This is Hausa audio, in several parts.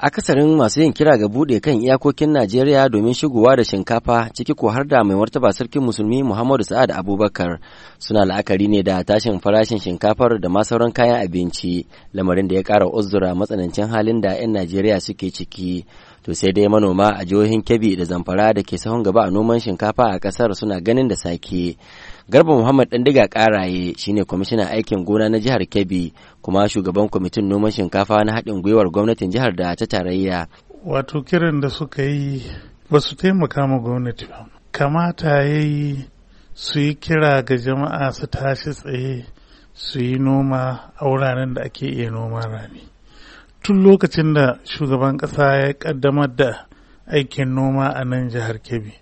Akasarin masu yin kira ga buɗe kan iyakokin Najeriya domin shigowa da shinkafa ciki ko har da mai martaba sarkin musulmi Muhammadu Sa'ad Abubakar suna la'akari ne da tashin farashin shinkafar da ma sauran kayan abinci lamarin da ya ƙara uzura matsanancin halin da 'yan Najeriya suke ciki. to sai dai manoma a jihohin kebbi da zamfara da ke sahun gaba a noman shinkafa a ƙasar suna ganin da sake garba muhammad diga karaye shine kwamishinan aikin gona na jihar kebbi kuma shugaban kwamitin noman shinkafa na haɗin gwiwar gwamnatin jihar da ta tarayya wato kiran da suka yi ba su taimaka ma gwamnati ba kamata ya yi su yi kira ga jama'a su tashi tsaye su yi noma a wuraren da ake iya noma rani tun lokacin da shugaban ƙasa ya ƙaddamar da aikin noma a nan jihar Kebbi.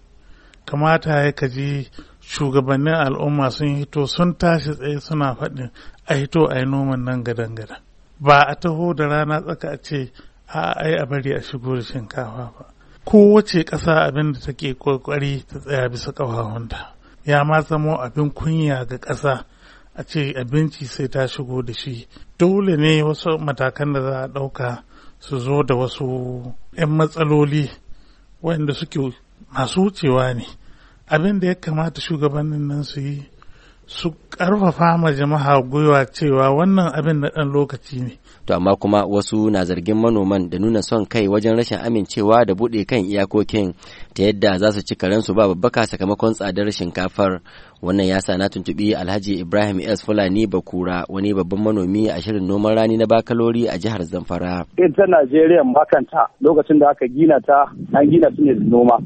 Kamata ya kaji shugabannin al'umma sun hito sun tashi tsaye suna faɗin a hito a yi noman nan gadan gada. Ba a taho da rana tsaka a ce a ai a bari a shigo da shinkafa ba. Kowace ƙasa abin da take ƙoƙari ta tsaya bisa ƙafafunta. Ya ma zamo abin kunya ga ƙasa a ce abinci sai ta shigo da shi dole ne wasu matakan da za a ɗauka su zo da wasu 'yan matsaloli waɗanda suke masu wucewa ne abin da ya kamata shugabannin nan su yi su karfafa ma jama'a gwiwa cewa wannan abin na ɗan lokaci ne. To amma kuma wasu na zargin manoman da nuna son kai wajen rashin amincewa da buɗe kan iyakokin ta yadda za su ci karensu ba babbaka sakamakon tsadar shinkafar. Wannan ya sa na tuntuɓi Alhaji Ibrahim S. Fulani Bakura wani babban manomi a shirin noman rani na Bakalori a jihar Zamfara. Ita Najeriya makanta lokacin da aka gina ta an gina su ne noma.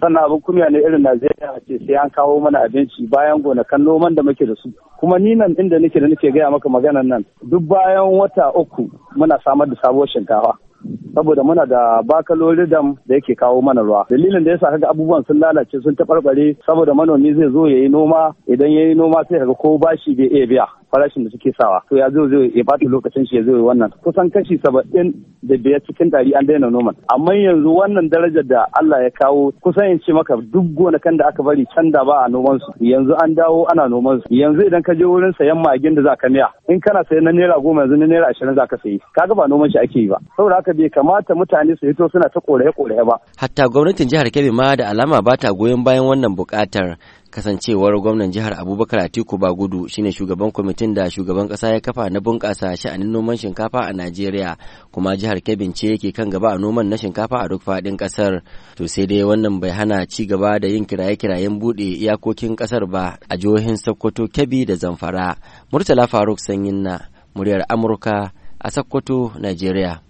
sannan abin kunya ne irin najeriya a ce sai an kawo mana abinci bayan gonakan noman da muke da su kuma ni nan inda nake da nake gaya maka maganan nan duk bayan wata uku muna samar da sabuwar shinkafa saboda muna da bakalori dam da yake kawo mana ruwa dalilin da yasa kaga abubuwan sun lalace sun taɓarɓare saboda manomi zai zo yayi noma idan yayi noma sai kaga ko bashi bai iya biya farashin da suke sawa to ya zo zai ya bata lokacin shi ya zo wannan kusan kashi saba'in da biyar cikin dari an daina noman amma yanzu wannan darajar da Allah ya kawo kusan in ce maka duk gonakan da aka bari can da ba a noman su yanzu an dawo ana noman su yanzu idan ka je wurin sayan magin da zaka miya in kana sayan na naira goma yanzu na naira ashirin zaka sayi kaga ba noman shi ake yi ba saboda haka bai kamata mutane su hito suna ta koraye-koraye ba. Hatta gwamnatin jihar Kebbi ma da alama ba ta goyon bayan wannan buƙatar kasancewar gwamnan jihar Abubakar Atiku Bagudu shine shugaban kwamitin da shugaban ƙasa ya kafa na bunƙasa sha'anin noman shinkafa a Najeriya kuma jihar Kebbi ce yake kan gaba a noman na shinkafa a duk faɗin ƙasar. To sai dai wannan bai hana ci gaba da yin kiraye-kirayen buɗe iyakokin ƙasar ba a jihohin Sokoto, Kebbi da Zamfara. Murtala Faruk Sanyin na muryar Amurka a Sokoto, Najeriya.